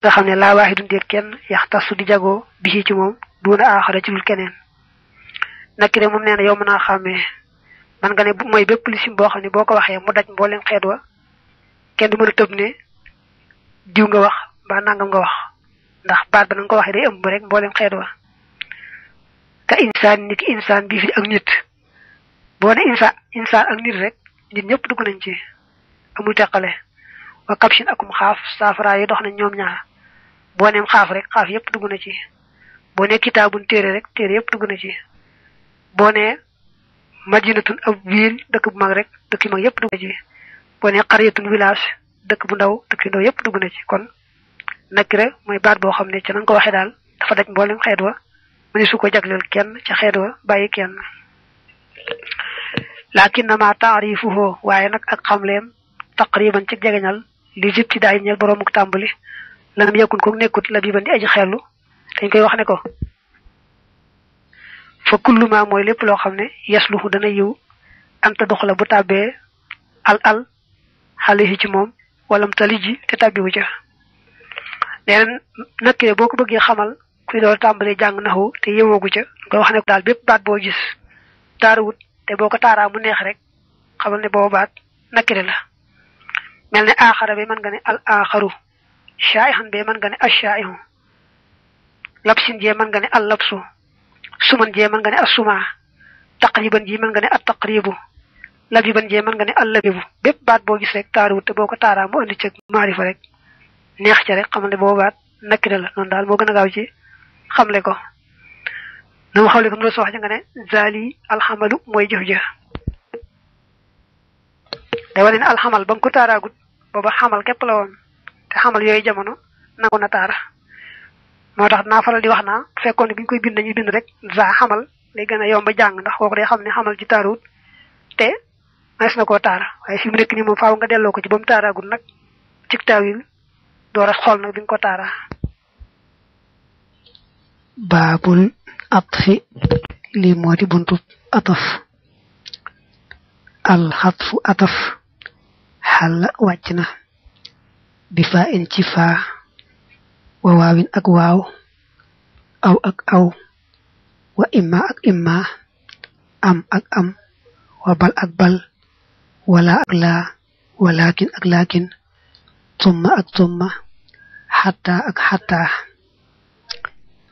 nga xamne la wahidun de ken yahtasu di jago bi ci mom duna akhara ci lul keneen nakire mom neena yow mana xamé man nga ne moy bepp li sim bo xamne boko waxe mu daj mbolen xet wa kenn du mëna teub ne diw nga wax ba nangam nga wax ndax ba da nga waxe day ëmb rek mbolen ka insan nit insaan bi fi ak nit bo ne insan insan ak nit rek nit ñepp dugg nañ ci amul takale wa kapshin akum khaf safara yi dox na ñom ñaar boo neem xaaf rek xaaf yëpp dugg na ci boo ne kitaabun téere rek téere yëpp dugg na ci boo ne madinatun ab ville dëkk bu mag rek dëkk yu mag yëpp dugg ci boo ne xaryatun village dëkk bu ndaw dëkk yëpp dugg na ci kon nakira mooy baat boo xam ne ca ko waxee daal dafa daj mboolem xeet wa mu suko su ko jagleel kenn ca xeet wa bàyyi kenn laakin nama taarifuhoo waaye nag ak xamleem taqriban ci jegeñal ñal jëp ci daay ñeel boroomu tàmbali lam yakun ko nekkut la bi ban di aji xelu dañ koy wax ne ko fa kulluma mooy lépp loo xam ne yasluhu dana yiw anta doxla bu tàbbee al al xale ci moom walam tali ji te tàbbiwu ca nee na nakkire boo ko bëggee xamal ku door tàmbalee jàng naxu te yewoogu ca nga wax ne daal bépp baat boo gis taarawut te boo ko taaraa mu neex rek xamal ne bo baat nakkire la mel ne aaxara bi mën nga ne al aaxaru shaayihan bee mën nga ne ashaayihu labsin jee mën nga ne allabsu suman jee mën nga ne assuma taqriban ji mën nga ne attaqribu labiban jee mën nga ne allabibu bépp baat boo gis rek taaruwut te boo ko taaraa mu andi cëg maarifa rek neex ca rek xamal ne boo baat nakkira la daal moo gën a gaaw ci xamle ko na mu xamle ko nu la soo wax alxamalu mooy jëf ja day wane ne alxamal ba nga ko taaraagut booba xamal képp la te xamal yooyu jamono nangu na taara moo tax naa faral di wax naa bu fekkoon ne bi ñu koy bind dañuy bind rek za xamal day gën a yomb a jàng ndax kooku day xam ne xamal ci taaruwut te mas na koo taara waaye fi mu nekk nii moom faaw nga delloo ko ci ba mu taaraagul nag ci taawil door xool na bi ko taara baabul atfi lii moo buntu ataf alxatfu ataf xàlla wàcc na bi faa in ci faa wa waawin ak waaw aw ak aw wa imma ak imma am ak am wa bal ak bal wala ak laa wa ak laakin tumma ak tumma xatta ak xatta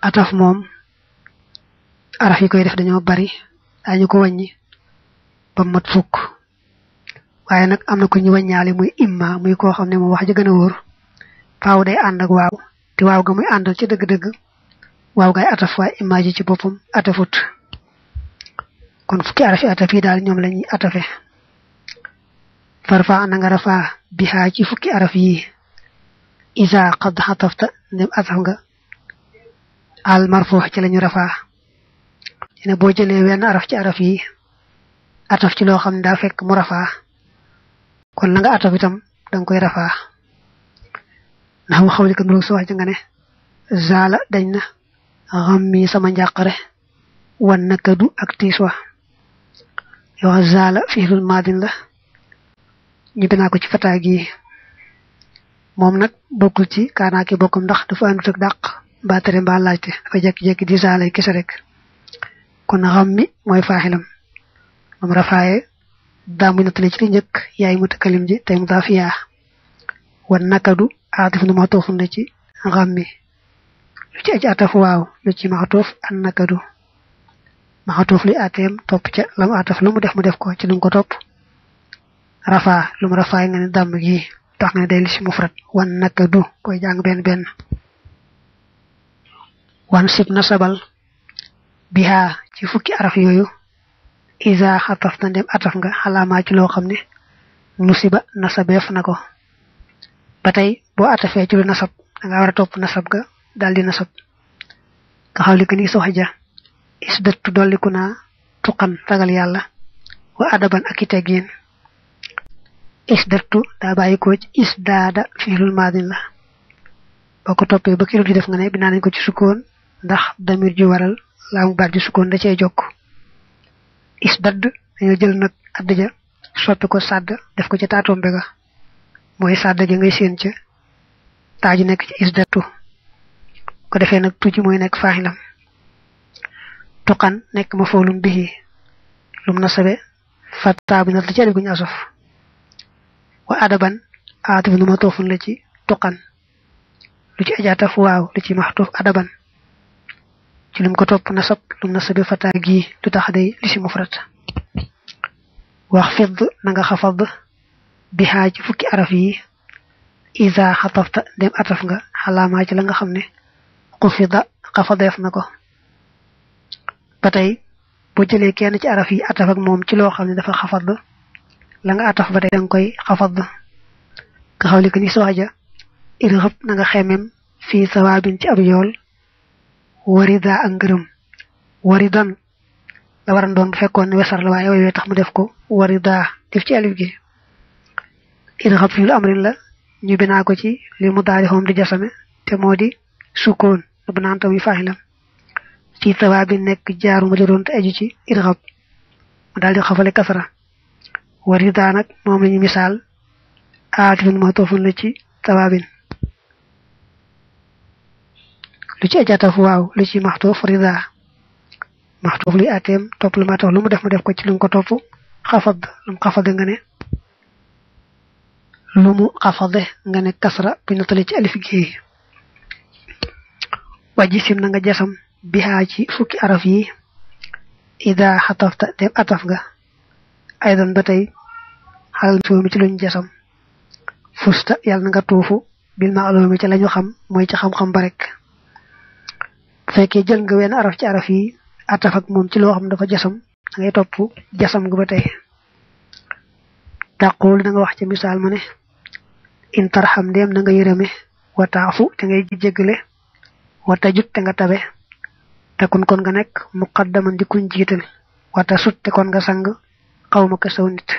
ataf moom araf koy def dañoo bari daañu ko wàññi ba mat fukk waaye nag am na ko ñu wàññaale muy imma muy koo xam ne moom wax ji gën faaw day ànd waaw te waaw ga muy àndal ci dëgg-dëgg waaw gaay ataf waaye imma ji ci boppam atafut kon fukki arafi yi daal ñoom lañuy ñuy atafe farfa na nga rafaa bihaa ci fukki araf yi isa xad xatafta ndem ataf nga al ci lañu rafaa dina boo jële wenn araf ci araf yi ataf ci loo xam ne daa fekk mu rafaa kon la nga ataf koy rafaa ndax mu xaw li ko nurug sa ne zaala dañ na xam mi sama njàqare wan na kadu ak tiis wa yow zaala fiilul maadin la ñu binaa ko ci fataa gi moom nag bokkul ci kaanaaki bokkum ndax dafa àndut ak dàq mbaa tere mbaa laajte dafa jekki-jekki di zaalay kese rek kon xam mi mooy faaxilam moom rafaaye damu tele ci ñëk yaay takalim ji tay mudafiya wan nakadu atifun matofun la ci xammi lu ci ataf waaw lu ci an nakadu maxtof li atem top ca lam ataf lu mu def mu def ko ci lu ko top rafa lu mu rafa nga ni dam gi tax nga del ci mufrat wan nakadu koy jang ben ben wan sib nasabal biha ci fukki araf yoyu iza xataf na dem ataf nga xalama ci lo xamne musiba ko batay tey ci nasab da nga wara top nasab ga daldi nasab ka xawli ko ni isdat tu tuqan ragal yalla wa adaban ak itegin isdatu da baye ko ci isdada fiilul maadin la boo ko ba kilo di def nga ne bi nañ ko ci ndax damir ji waral da cey jokk isbad dañoo jël nag add ja soppi ko sàdd def ko ca taatombe ga mooy sàdd ja ngay séen ca taaju nekk ci isdatu ko defee nag tuji mooy nekk faaxilam tuqan nekk ma foolum bihi lum nasabe fataa bi nat la ci alif guñu asof wa adaban aatif nu ma toofun la ci tuqan lu ci ajaataf waaw lu ci maxtuuf adaban ci lim ko top nasab lum nasabe fata gi du tax day li ci mufrat wax fid na nga xafad biha ci fukki araf yi iza xatafta dem ataf nga xalama ci la nga xamne qufida qafadef nako batay bo jëlé kenn ci araf yi ataf ak mom ci lo xamne dafa xafad la nga ataf batay dang koy xafad ka xawli ko ni swaja irhab na nga xemem fi sawabin ci ab yool ورضا انغرم ورضا لا وران دون فيكون ويسر لا يوي تخ مو ديفكو ورضا ديف سي الف جي ان في الامر لا ني بنا سي لي مداريهم دي جسامي تي مودي سكون ابن انت وي فاحلا سي ثواب نيك جارو ما دون تاجي سي ان غف دال دي خفل كسرا ورضا نك مومن مثال اتين ما توفن لا سي ثوابين lu ci fu waw lu ci maxtoof rida maxtoof li atem top lu ma tax lu mu def mu def ko ci lu ko top khafad lu mu nga ne lu mu xafade nga ne kasra bu ñu tali ci alif gi waji sim na nga jasam biha ci fukki araf yi ida hatafta dem ataf ga aydan batay halal mi ci luñ jassam fusta yalla nga tuufu bil ma'lumi ci lañu xam moy ci xam xam ba rek fekke jël nga wén araf ci araf yi ataf ak mom ci lo xam dafa jassam ngay top jassam gu batay taqul da nga wax ci misal mané in tarham dem na nga yëreme wa ta'fu te ngay jéggelé wa tajut te nga tabé takun kon nga nek muqaddaman di kun jital wa tasut te kon nga sang xawma ka saw nit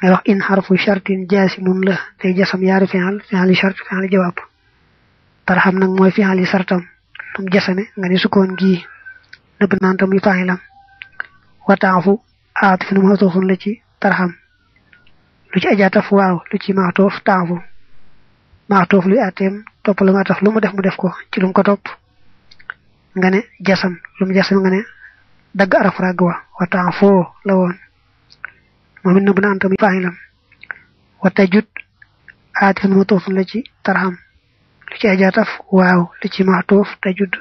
ngay wax in harfu shartin jasimun la tay jassam yaari fi'al fi'al shart fi'al jawab tarham nak moy fi'al shartam tum jasane nga ni sukon gi dab naan tam yu fa'ilam wa ta'fu atifun mawtufun la ci tarham lu ci fu waaw lu ci lu atem top lu maataf lu mu def mu def ko ci lu ko top nga ne jasam lu mu jasam nga ne dag araf rag wa wa taafo la mo min na bu na antam fa'ilam wa fi la ci tarham li ci ajaataf waaw li ci maxtuuf judd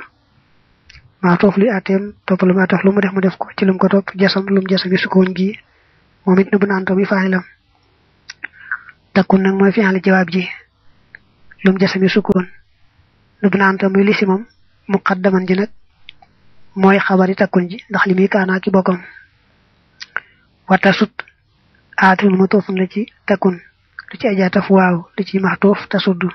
maxtuuf li atem topp lu maxtuuf lu mu def mu def ko ci lu ko topp jasam lu mu jasam sukoon gi moom it nëbb naan tomi faanilam takkun nag moy fi'al jawab ji lu mu jasam sukoon nëbb naan tomi li si moom muqaddaman ji nak moy xabari takun ji ndax li ki bokam wata sut atul la ci takkun li ci ajaataf waaw li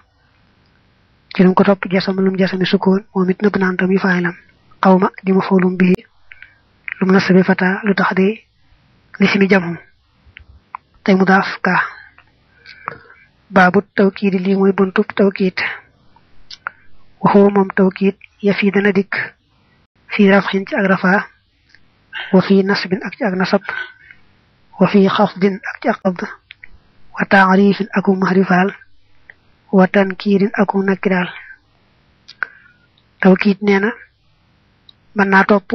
ci nu ko topp jasam lum jasami sukkoon moom it nëbb naan tam yi faayilam xawma di ma foolum bi lum nasabi fata lu tax de li simi jamum tey mu daaf kaa baabu tawkiidi lii mooy buntub tawkiid waxoo moom tawkiid ya fii dana dikk fii rafxin ci ak rafaa wa fii nasbin ak ci ak nasab wa fii xafdin ak ci ak xafd wa taarifin aku mahrifaal watan kiirin aku nakki daal taw kiit nee na mën naa topp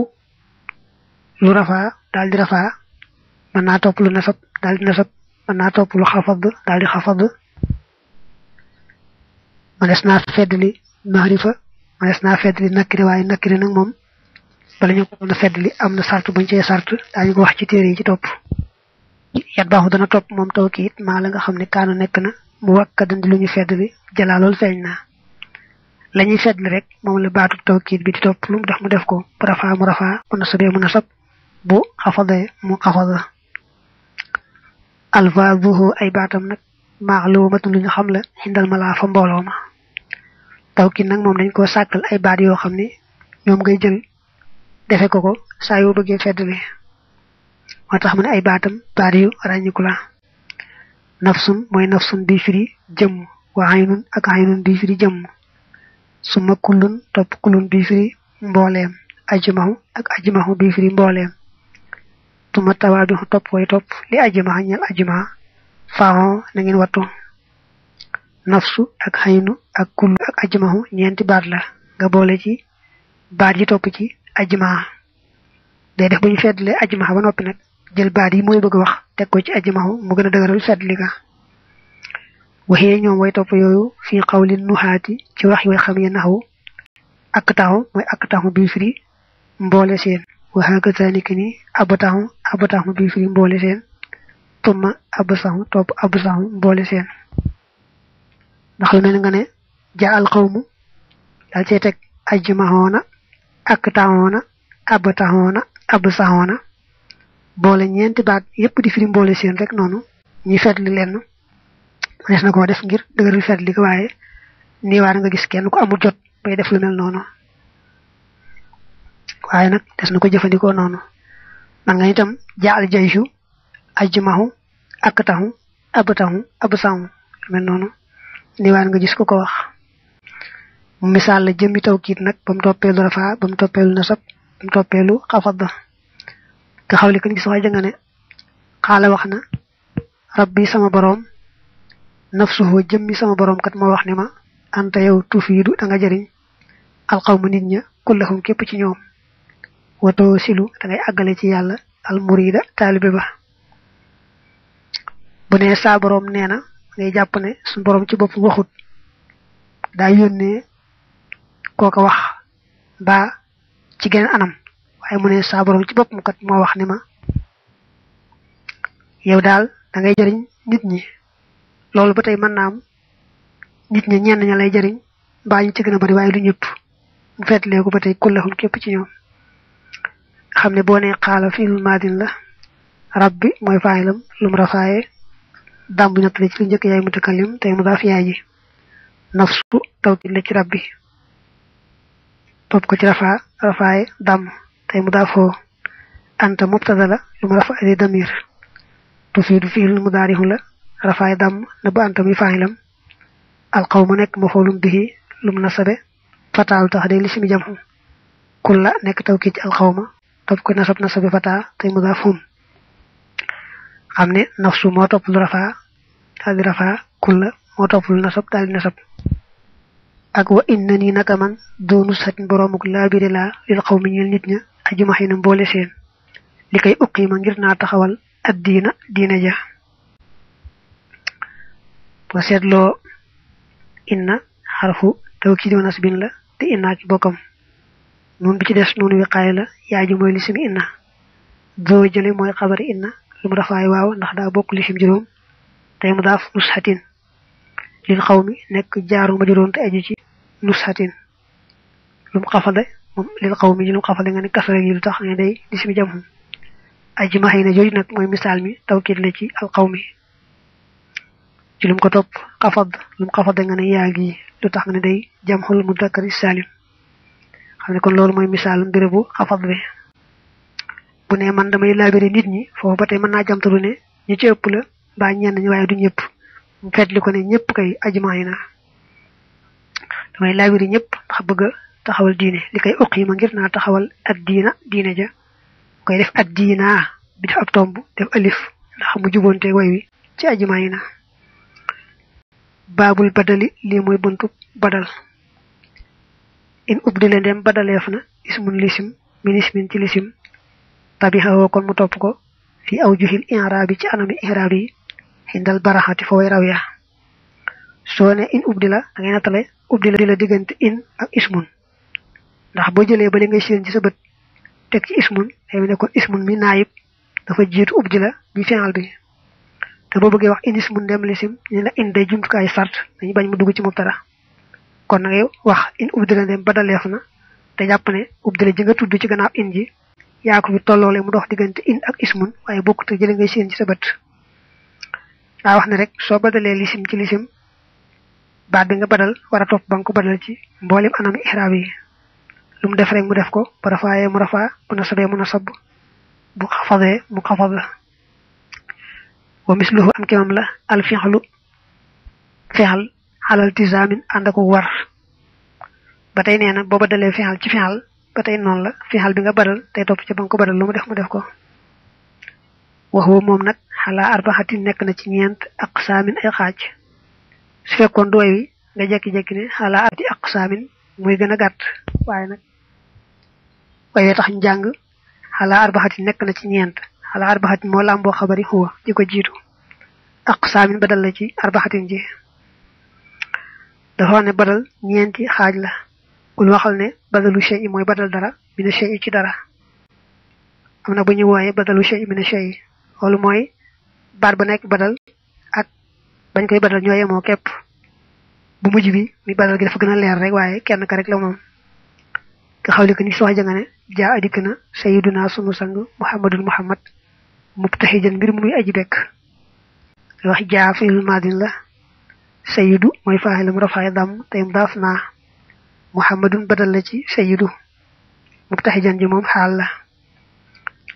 lu rafaa daal di rafaa mën naa top lu nasab daal di nasab mën naa topp lu xafad daal di xafad mënees naa feddali mahrifa mënees naa feddali nakkiri waaye nakkiri nag moom bala ñu ko mën a feddali am na sart buñ cee sart daañu ko wax ci téere yi ci topp yat baaxu dana topp moom taw kiit ma la nga xam ne kaanu nekk na mu wakkadan di lu ñu fedd li jalaa loolu feeñ na la ñuy fedd li rek moom la baatu tawkiit bi di topp lu mu tax mu def ko bu rafaa mu rafaa bu nasabee mu nasab bu xafadee mu xafada alfaazuhu ay baatam nag maalumatun lu ñu xam la xindal ma laa fa mbooloo ma tawkiit nag moom dañ ko sàkkal ay baat yoo xam ni ñoom ngay jël defe ko ko saa yoo bëggee fedd li moo tax mu ay baatam baat yu ràññiku la nafsun mooy nafsun bi firi jëmm wa aynun ak aynun bi jëmm suma kullun topp kullun bi firi mbooleem ajmahu ak ajmahu bi firi mbooleem tuma tawaadu topp way topp li ajmaha ñal ajmaha faaxoo na ngeen wattu nafsu ak xaynu ak kullu ak ajmahu baat la nga boole ci baat yi topp ci ajmaha day def bu ñu feddlee ba noppi jël baat yi mooy bëgg a wax teg ko ci ajmahu mu gën a dëgëral fadli ga waxee ñoom way topp yooyu fii xawli nuxaati ci wax yi way xam ye naxu ak taxu mooy ak taxu bii firi mboole seen waxaa gësaaniki ni ab tumma ab topp ab mboole seen ndax lu nga ne jaa al xawmu teg ajmahoona ak taxoona ab boole ñeenti baat yépp di firi mboole seen rek noonu ñi fetli lenn des na koo def ngir dëgëral fetli ko waaye niiwaan nga gis kenn ko amu jot bay def lu mel noonu waaye nag des na ko jëfandikoo noonu man nga itam jaal jaysu ajmahu aktahu abtahu absahu mel noonu niiwaan nga gis ko ko wax misaal la jëmmi tawkiit nag ba mu toppeelu rafaa ba mu toppeelu nasab ba mu toppeelu ka xawli kan gis way janga ne waxna rabbi sama borom nafsuhu jëmmi sama borom kat ma wax ne ma anta yow tufidu da nga jariñ alqawmu nit ña kullahum kep ci ñoom wato silu da ngay almurida ci yalla al murida talibe ba bu ne sa borom neena ngay japp ne sun borom ci bop waxut da wax ba ci gene anam waaye mu ne saa borom ci boppam kat moo wax ni ma yow daal da ngay jëriñ nit ñi loolu ba tey mën naa am nit ñi ñenn ña lay jëriñ mbaa ñu ci gën a bari waaye du ñëpp mu fetlee ko ba tey kullahum képp ci ñoom xam ne boo nee xaala fiilul maadin la rabbi mooy faayilam lu mu rafaaye dam bu ñett la ci lu njëkk yaay mutakallim tey mu daaf yaay ji nafsu tawkid la ci rabbi topp ko ci rafaa rafaaye dàmm تي مضاف انت مبتدا لا المرفع لي ضمير تفيد فيه المضارع لا رفع دم نبا انت مي فاعلم القوم نك مفعول به لم نصبه فتاو تخدي لسم جمع كل نك توكيد القوم تبقى نصب نصب فتا تي مضافهم xamne nafsu mo top lu rafa dal rafa kulla mo top lu nasab dal nasab ak wa innani naka man donu sat boromuk labire la lil qawmi ñel nit ña ajmaxina mboole seen li koy uqima ngir naa taxawal ak diina diina ja boo seetloo inna xarfu tawkiid wa nasbin la te innaa ci bokkam nun bi ci des nunu wiqaaya la yaa ji mooy lisimi inna doo jële mooy xabari inna lu mu dafaay waaw ndax daa bokk lisim juróom tey mu daaf nusxatin lil xaw mi nekk jaaru ma juróom te aju ci nusxatin lu mu xafale moom lil xaw mi ñu lu xafale nga ne kasara gi lu tax ne day di suñu jam ajmahiina jooju nag mooy misaal mi tawkiit la ci al xaw mi ci ko topp xafad lu mu xafada nga ne yaa gi lu tax nga ne day jamxul mudakari salim xam ne kon loolu mooy misaal bérébu xafad bi bu ne man damay laabire nit ñi foofu ba tey mën naa jamtalu ne ñu ci ëpp la mbaa ñenn ñi waaye du ñëpp mu fetli ko ne ñëpp kay ajmahiina damay laabire ñëpp ndax bëgg taxawal diine li koy uqima ngir naa taxawal ad diina diine ja koy def ad diina bi def ab tomb def alif ndax mu jubonte way wi ci ajumaay babul badali li moy buntu badal in ubdile dem badaleef na ismun lisim min ismin ci lisim tabiha kon mu top ko fi awjuhil i'rabi ci anami yi hindal barahati fo way rawiya so ne in ubdila ngay natale ubdila dila digante in ak ismun ndax boo jëlee ba li ngay séen ci sa bët teg ci ismun day mel ne kon ismun mi dafa jiitu ubbi la bi final bi te boo bëggee wax in ismun dem lisim ñu la in day jumtukaay sart dañu bañ mu dugg ci mubtada kon na ngay wax in ubbi la dem badaleef na te jàpp ne ubbi la ji tudd ci gannaaw in ji yaa ko fi tolloole mu dox diggante in ak ismun waaye bokkut jële ngay seen ci sa bët daa wax ne rek soo badalee lisim ci lisim baat bi nga badal war a topp ba nga ko badal ci mboolem anam yi lum def rek mu def ko parafaaye mu rafa bu nasabe mu nasab bu xafade mu xafad wa misluhu am kemam la al fi'lu fihal ala altizamin andako war batay neena boba dalé fi'al ci fi'al batay non la fihal bi nga baral tay top ci banko baral badal def mu def ko wa huwa mom nak ala arbahati nek na ci ñent aqsamin ay xaj su fekkon doy nga jekki jekki ne ala ati aqsamin muy gëna gatt waye nak waye tax jang, ala arbahati nek na ci ñent ala arbahati mo bo xabari huwa diko jitu aqsamin badal la ci arbahatin ji da ne badal ñenti xaj la kul waxal ne badalu shay moy badal dara min shay ci dara amna ñu woyé badalu shay min shay lolu moy bar bu nek badal ak bañ koy badal ñoyé mo kep bu mujj bi mi badal gi dafa gëna leer rek waye kenn ka rek la mom taxawli di ko ni so nga ne jaa adik na sayyiduna sunu sang muhammadul muhammad mubtahijan bir muy aji bek wax jaa fi madin la sayyidu moy fa'ilam rafa'idam dam tayum dafna muhammadun badal la ci sayyidu mubtahijan ji mom xal la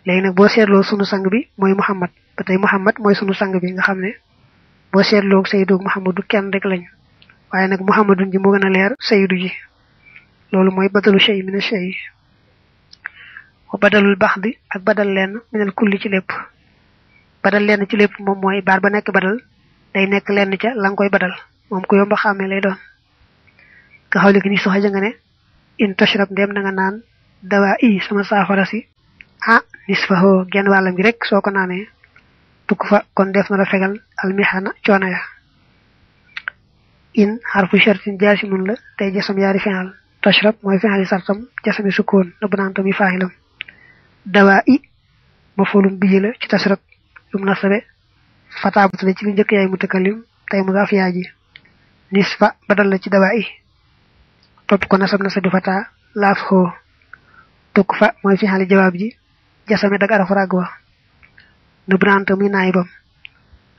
lay nak bo setlo sunu sang bi moy muhammad batay muhammad moy sunu sang bi nga xamne bo setlo sayyidu muhammadu kenn rek lañ waye nak muhammadun ji mo gëna leer sayyidu ji lolu moy badalu shay min shay wa al bahdi ak badal min al kulli ci lepp badal len ci lepp mom moy bar ba nek badal day nek len ci lang koy badal mom ku yomba xame lay don ka xawli gi ni su xaja nga ne in tashrab dem na nga nan dawa i sama safara si ha ah, nisfaho gen walam gi rek soko nané tuk fa kon def na la fegal almihana chona ya in harfu shartin jaasimun la tay jasam yari final tashrab mooy fexali sartam jasami sukkoon na bu naan tamit faaxilam i mafoolum bi la ci tashrab yu mu nasabe fataabatale ci li njëkk yaay mutakallim tey mu daaf yaa ji nisfa badal la ci dawaa i topp ko nasab nasabi fataa laaf xoo tukk fa mooy fexali jawaab ji jasame dag arafu ràgg wa na bu naan tamit naayibam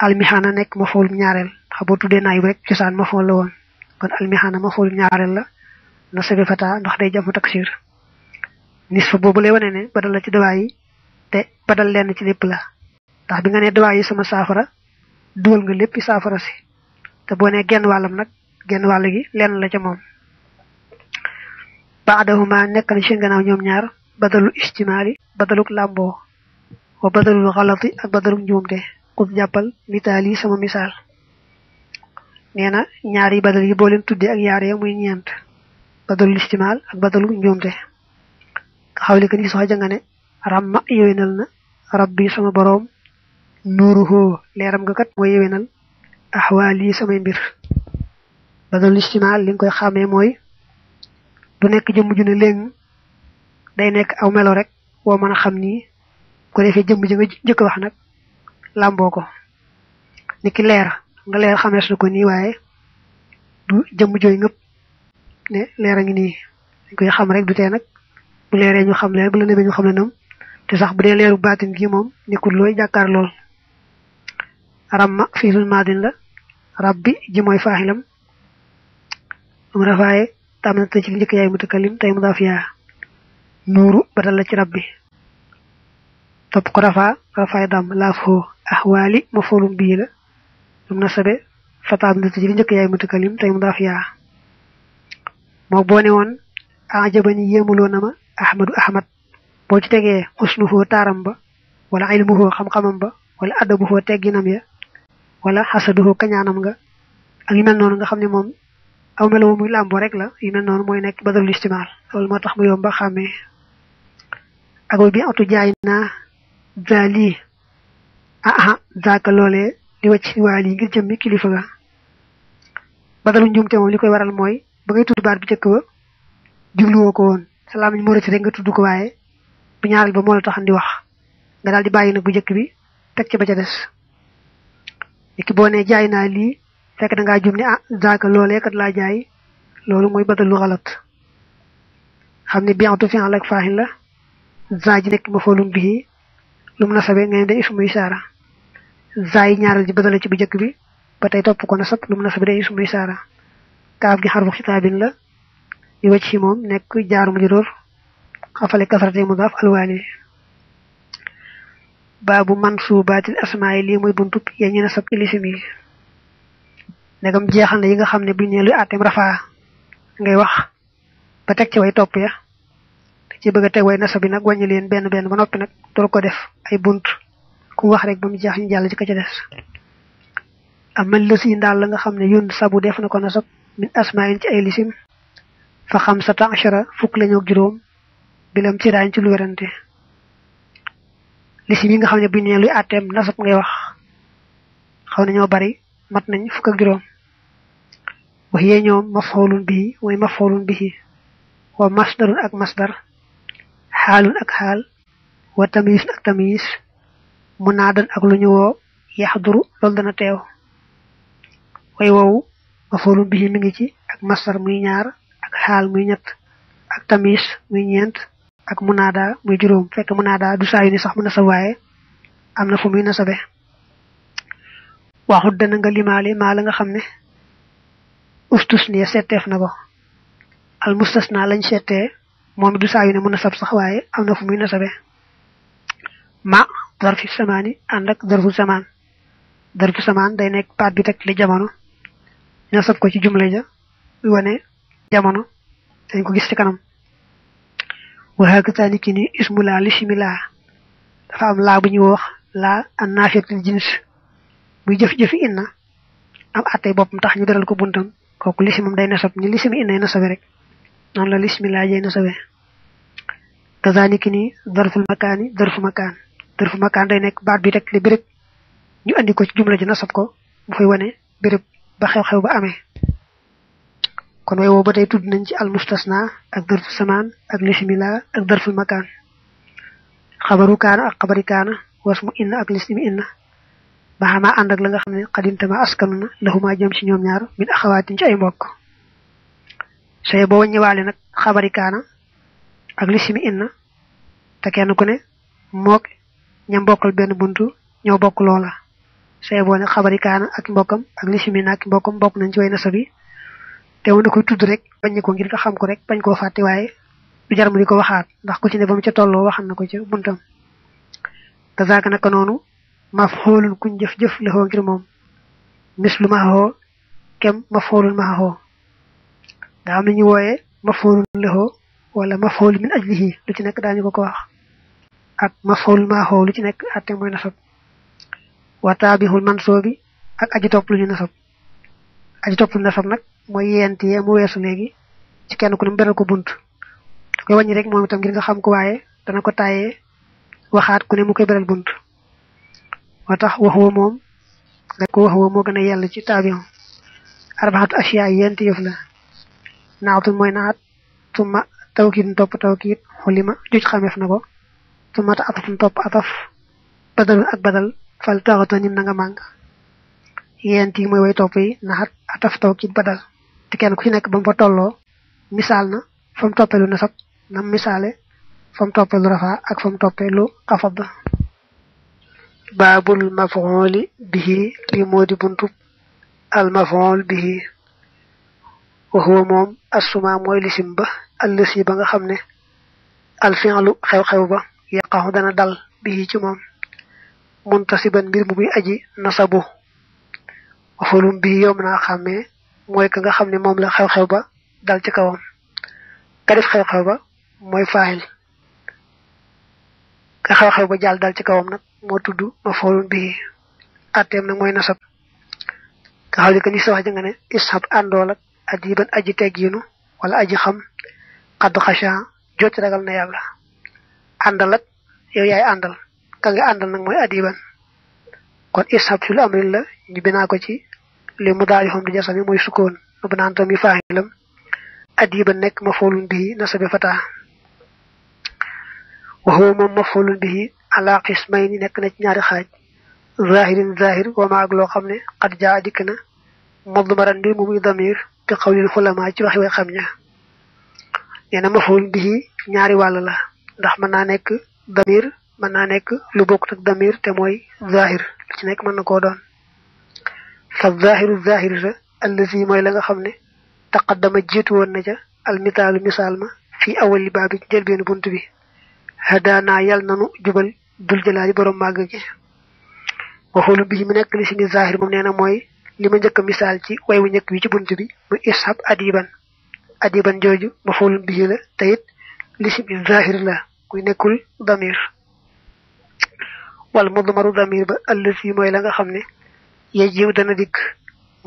almixaana nekk mafoolum ñaareel xam boo tuddee naayib rek cosaan mafool la woon kon almixaana mafoolum ñaareel la nasabi fata ndax day jamu taksir nisfa bobu lay wone ne badal la ci dawa yi te badal len ci lepp la tax bi nga ne dawa sama safara duwal nga lepp safara si te bo ne genn walam nak genn wal gi len la ci mom ba'dahuma nekkal ci gannaaw ñom ñaar badalu istimali badaluk lambo wa badalu ghalati ak ñoom de ku jappal mitali sama misal neena ñaari badal yi bo len tuddi ak yaare ya ñent badalul istimaal ak badalu njuumte xawli gën gis waja nga ne ramma yéwénal na rabbi sama boroom nuuruhu leeram nga kat mooy yéwénal axwaal yi samay mbir badalul istimaal li nga koy xàmmee mooy du nekk jëmm ju ne léegi day nekk aw melo rek woo mën xam ni ko defee jëmm ji ne leer ngi nii koy xam rek du tee bu leeree ñu xam leer bu la nëbee ñu xam la te sax bu dee leeru baatin gi moom nekkul looy jàkkaar lool ramma fiilul maadin la rabbi ji mooy faaxilam am rafaaye tàmnata ci njëkk yaay mutakallim tey mudaaf ci rabbi topp ko rafaa na sabe moo boo ne woon ajabani yéemuloo na ma ahmadu ahmad boo ci tegee usluhoo taaram ba wala ilmuhoo xam-xamam ba wala adabuhoo tegginam ya wala xasaduhoo kañaanam nga ak yu mel noonu nga xam ne moom aw melawu muy làmboo rek la yu noonu mooy nekk badalul istimaal loolu moo tax mu yomb ba xàmmee ak bi atu jaay naa daa lii aha daaka loolee li wacc waa lii ngir jëmmi kilifa ga badalu njuumte moom li koy waral mooy ba ngay tudd baat bu jëkk ba jubluwoo ko woon sa lamiñ moo rëcc rek nga tudd ko waaye bu ñaareel ba moo la taxan di wax nga daal di bàyyi nag bu jëkk bi teg ca ba ca des niki boo nee jaay naa lii fekk da ngaa jum ne ah zaaka loolee kat laa jaay loolu mooy lu xalat xam ne tout fin lak faaxin la zaa ji nekk ma foolum bii lum na sabe ngay ne day ismu isaara zaa yi ñaaral ji badala ci bu jëkk bi ba tey topp ko na sab lum na sabe day ismu isaara kaaf gi xarfu xitaabin la yu wacc ci moom nekk jaar mu juróor xafale kasrate mu gaaf alwaani baabu mansubaatil asmaa yi lii buntub ya ñu ne sab ilisimi nagam jeexal na yi nga xam ne buñ ne atem rafaa ngay wax ba teg ci way topp ya ci bëgg a teg way nasabi bi nag wàññi leen benn benn ba noppi nag dol ko def ay bunt ku wax rek ba mu jeex ñu jàll ci ka ca des amal lësi ndaal la nga xam ne yun sabu def na ko nasab min asmaayin ci ay lisim fa xam sata achara fukk lañu juróom bilam ci daañ ci lu werante lisim yi nga xam ne buñ ne luy àtteem nasab ngay wax xaw nañoo bari mat nañ fukk ak juróom wax ñoom mafxoolun bii bihi wa masdarun ak masdar xaalun ak xaal wa tamiisun ak tamiis munaadan ak lu ñu woo yaxduru loolu dana teew way woowu mafoolum bi mi ngi ci ak masdar muy ñaar ak xaal muy ñett ak tamis muy ñeent ak munaada muy juróom fekk munaada du saa sax mu nasab waaye am na fu muy nasabe waxut dana nga limaale maa la nga xam ne ustus ne setteef na ko al mustasna lañ settee moom du saa yu ne sax waaye am na fu muy nasabe ma fi samaani ànd ak darfu samaan darfu samaan day nekk baat bi teg li jamono nasab ko ci jumla ja wone jamono dañ ko gis ci kanam wa hakata ni kini ismu la li shimila dafa am la bu ñu wax la jins bu jëf jëf inna am atay bopum tax ñu deral ko buntam koku li day nasab ni li inna nasabe rek non la li jey nasabe kazalika kini darful makani darfu makan darfu makan day nek baat bi rek li berep ñu andi ko ci jumla ji nasab ko bu fay wone ba xew-xew ba amee kon way woo ba tey tudd nañ ci al mustasna ak darfu samaan ak lisimila ak darful makaan xabaru kaana ak xabari kaana was mu inna ak lis mi inna maxamaa ànd ak la nga xam ne xadintama askanu na laxumaa jëm ci ñoom ñaar min axawaatin ci ay mbokk soye boo ñëwaale nag xabari kaana ak lis inna te kenn ku ne mook ñam bokkal benn buntu ñoo bokk loola say bo ne xabari kaana ak mbokam ak lisimi nak mbokam bok nañ ci way nasabi te wona ko tudd rek bañ ko ngir nga xam ko rek bañ ko fatte waye du jar mu diko waxaat ndax ku ci ne bam ci tollo waxan nako ci buntam kazaka naka nonu mafhulun kuñ jëf jëf la ho ngir mom mislu ma ho kem mafhulun ma ho da am ñu woyé mafhulun la ho wala mafhul min ajlihi lu ci nek dañu ko ko wax ak mafhul ma ho lu ci nek atté moy nasab wa taabihul mansoobi ak aji topp lu ñu nasab aji topp lu ñu nasab nag mooy yeenti yee mu weesu léegi ci kenn ku ne mu beral ko bunt da koy wàññi rek moom itam ngir nga xam ko waaye dana ko tàyyee waxaat ku ne mu koy beral bunt moo tax waxuwa moom nga ko waxuwa moo gën a yàlla ci taabiham arbaxatu asiya yeenti yëf la naatun mooy naat tuma tawkiit topp tawkiit xulima juj xameef na ko tuma ta atatun topp ataf badalun ak badal fal taxatoo ñun na nga màng yent yi mooy way topp yi na ataf taw ci badal te ku ci nekk ba mu fa tolloo misaal na fa mu toppee lu nasab na misaale fa mu toppee ak fa mu toppee lu xafab baabul mafooli bihi lii moo di buntub al mafool bihi waxuwa moom assuma mooy lisim ba allësi ba nga xam ne alfi'lu xew-xew ba yaqaxu dana dal bihi ci muntasiban bir bu muy aji nasabu wa fulum bi yom na xamé moy ka nga xamné mom la xew xew ba dal ci kawam ka def xew xew ba moy fa'il ka xew xew ba jall dal ci kawam nak mo tuddu wa fulum bi atem nak moy nasab ka hal ka ni sa wax nga ishab andol ak adiban aji tegginu wala aji xam qad khasha jot ragal na yalla andal ak yow yaay andal ka nga àndal nag kon ishab fil amril la ñu ko ci li mu daal yoo di jasami mooy sukkoon nu banaan tam yi faaxilam adiban nekk mafoolun bihi nasabi fataa waxoo moom mafoolun bihi ala qismayni nekk na ci ñaari xaaj zahirin zahir wama ak loo xam ne xat jaa dikk na modmaran mbir mu muy damir te xawlil xulamaa ci waxi way xam ña nee na mafoolun bihi ñaari wàll la ndax ma naa nekk damir mën naa nekk lu bokkut ak damir te mooy zahir lu ci nekk mën na koo doon fa zahiru zahir sa allazi mooy la nga xam ne taqaddama jiitu woon na ca almitaalu misaal ma fii awali baabi njëlbeenu bunt bi hadaanaa yal nanu jubal dul jëlaali borom màgg gi waxoolu bi mu nekk li si ni moom nee mooy li ma njëkk a misaal ci way wu njëkk bi ci bunt bi mu ishab adiban adiban jooju ma xoolum bi la te li si zahir la kuy nekkul damir wala mudmaru damir ba allasi mooy la nga xam ne yajiw dana dikk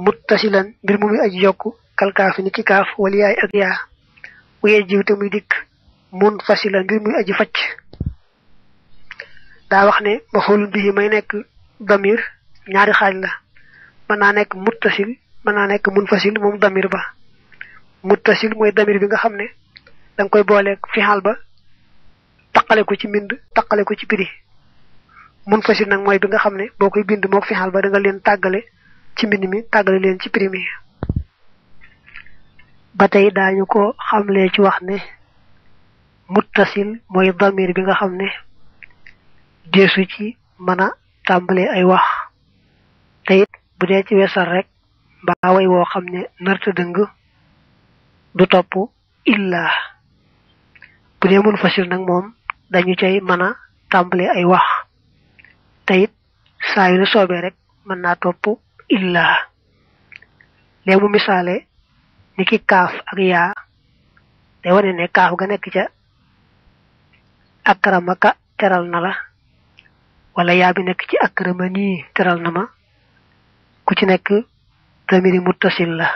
muttasilan mbir mu muy aji yokk kalkaafi ni ki kaaf wala yaay ak yaa bu yajiw te muy dikk munfasilan mbir muy aji facc daa wax ne mafulun bihi may nekk damir ñaari xaaj la mën naa nekk muttasil mën naa nekk munfasil moom damir ba muttasil mooy damir bi nga xam ne da nga koy booleeg fixal ba taqale ko ci mbind taqale ko ci piri fasir nak moy bi nga xamne bokuy bind mok fi hal ba da nga len tagale ci mbind mi tagale len ci primi batay dañu ko xamle ci wax ne muttasil moy damir bi nga xamne desu ci mana tambale ay wax tayit bu de ci wessal rek ba way wo xamne narta deung du top illa bu de mun fasir nak mom dañu cey mana tambale ay wax tayit saa yu la soobee rek mën naa topp illa lee mu misaale ni ki kaaf ak yaa day wane ne kaaf ga nekk ca akramaka teral na la wala yaa bi nekk ci akramani teral na ma ku ci nekk tamiri muttasil la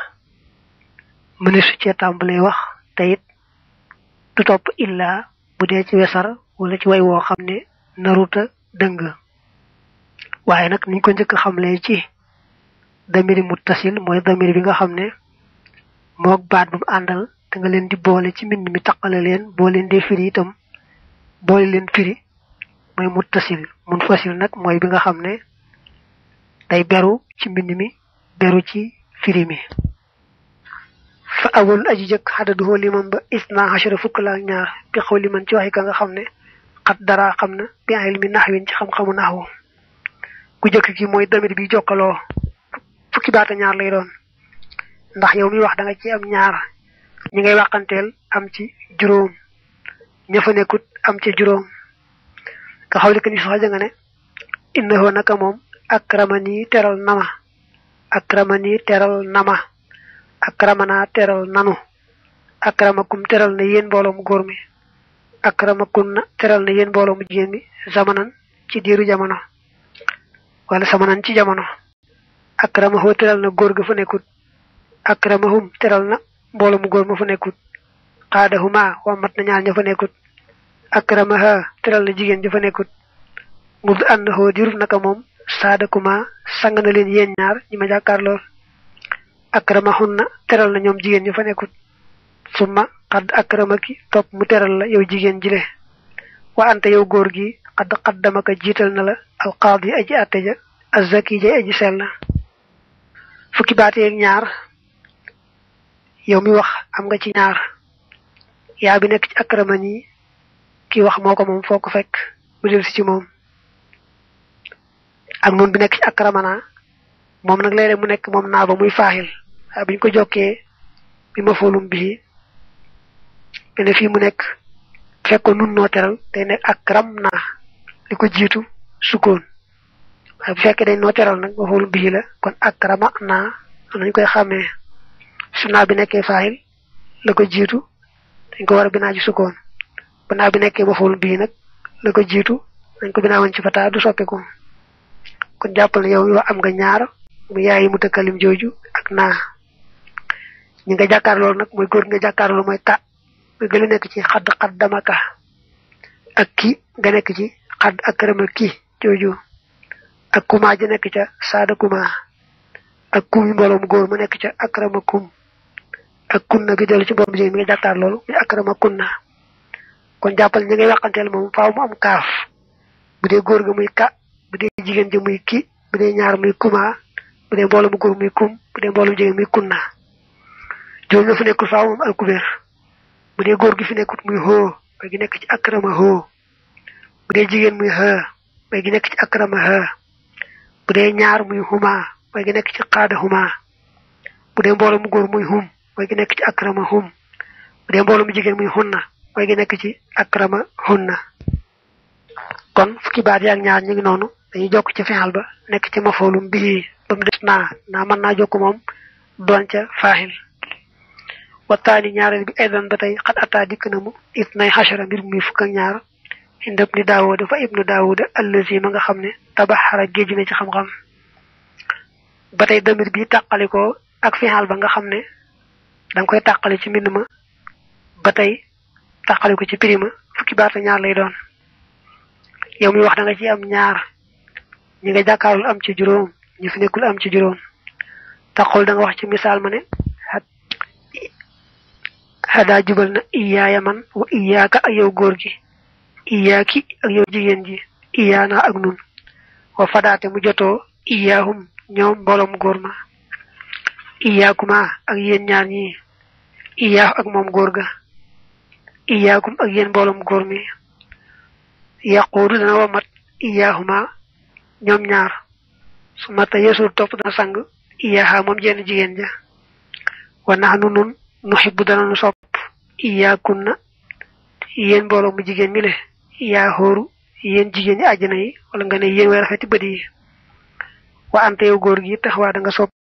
mëne su cee tàmbalee wax tayit du topp illa bu dee ci wesar wala ci way woo xam naruta dëng waaye nag niñ ko njëkk xamlee ci damiri muttasil mooy damir bi nga xam ne moog baat bu mu àndal te nga leen di boole ci mbind mi taqale leen boo leen dee firi itam boole leen firi mooy muttasil mun fasil nag mooy bi nga xam ne day beru ci mbind mi beru ci firi mi fa awal jëkk xadaduhoo liman ba isna achara fukk laa ñaar bi xaw liman ka nga xam ne xat dara xam na bi ilmi naxwin ci xam-xamu naxwu gu jëkk gi mooy damit bi jokkaloo fukki baata ñaar lay doon ndax yow mi wax danga ci am ñaar ñi ngay waxanteel am ci juróom ña am ci juróom nga xaw li ko ni soxla nga ne innahu naka moom akramani teral ak akramani teral nama akramana teral nanu akramakum teral na yéen mbooloo mu góor mi akramakunna teral na yéen mbooloo mu jigéen mi zamanan ci diiru jamono wala samanan ci jamono ak akramahu teral na góor ga fa nekkut akramahum teral na mboolo mu góor ma fa nekkut qaadahuma mat na ñaar ña fa nekkut akramaha teral na jigéen ja fa nekkut mud annahu di ruf naka moom saadakuma sang na leen ñaar ñi ma jàkkaarlool akramahunna teral na ñoom jigéen ñi fa nekkut summa qad akramaki topp mu teral la yow jigéen jile wa anta yow góor gi xadd xaddamaka jiital na la alqaadi yi aji àtte ja azzaki jay aji sell fukki baatee ak ñaar yow mi wax am nga ci ñaar yaa bi nekk ci akraman yi kii wax moo ko moom foo ko fekk mu jël si ci moom ak noonu bi nekk ci akramana moom nag léeg-léeg mu nekk moom naa muy faaxil waaye bu ñu ko jokkee bi ma foolum bii mene fii mu nekk fekk ko nun noo teral nekk akram naa diko jitu sukon waaye bu fekkee dañ noo nag waxul bii la kon akrama naa nañ koy xàmmee su naa bi nekkee faayil la ko jiitu dañ ko war a binaa ji sukkoon bu naa bi nekkee waxul bii nag la ko jiitu dañ ko binaa woon ci fataa du ko kon jàppal yow yow am nga ñaar bu yaay mu tëkkalim jooju ak naa ñi nga jàkkaarloo nag mooy góor nga jàkkaarloo mooy ka nga gën a nekk ci xadd xaddamaka ak ki nga nekk ci qad akrama ki joju ak kuma ji nek ca sadakuma ak kum borom gor mu nek ca akramakum ak kunna gi delu ci borom ji mi dakar lolu akramakunna kon jappal ñi ngay waxantel mom faaw mu am kaaf budé gor ga muy ka budé jigen ji muy ki budé ñaar muy kuma budé borom gor muy kum budé borom jigen muy kunna joon la fa nek faaw mu am al kubér budé gor gi fi nekut muy ho gi nek ci akrama ho bu dee jigéen muy xë bay gi nekk ci akrama xë bu dee ñaar muy huma bay gi nekk ci xaada huma bu dee mbooloo mu góor muy hum bay gi nekk ci akrama hum bu dee mbooloo mu jigéen muy hunna bay gi nekk ci akrama na kon fukki baat yaak ñaar ñu ngi noonu dañuy jokk ci final ba nekk ci mafoolum bii ba mu des naa naa mën naa jokk moom doon ca faaxil waxtaani ñaareel bi aydan ba tey xat ataa dikk na mu it nay xachara mbir muy fukk ak ñaar inda ibnu daawuda fa ibnu daawuda allazi ma nga xam ne tabaxara géej na ci xam-xam ba tey damir bi tàqali ko ak fixaal ba nga xam ne danga koy tàqali ci mbind ma ba tey tàqali ko ci prima fukki baata ñaar lay doon yow mi wax da nga ci am ñaar ñi nga jàkkaarul am ci juróom ñu fi nekkul am ci juróom taqul da wax ci misaal ma ne xadaa jubal na iyaaya man wa iyaaka ak yow góor gi iyaki ak yow jigen ji iyana ak nun wa fadate mu joto iyahum ñom bolom gorma iyakuma ak yeen ñaar ñi iya ak mom gorga iyakum ak yeen mbolom gormi mi dana wa mat iyahuma ñom ñaar su mata yesu top dana sang ha mom jenn jigen ja wa nahnu nun nuhibbu dana nu sop iyakunna yeen bolom jigen mi le yaa xóoru yéen jigéen ñi àjjana yi wala nga ne yéen way rafeti bët wa ante yow góor gi taxawaa da nga sopp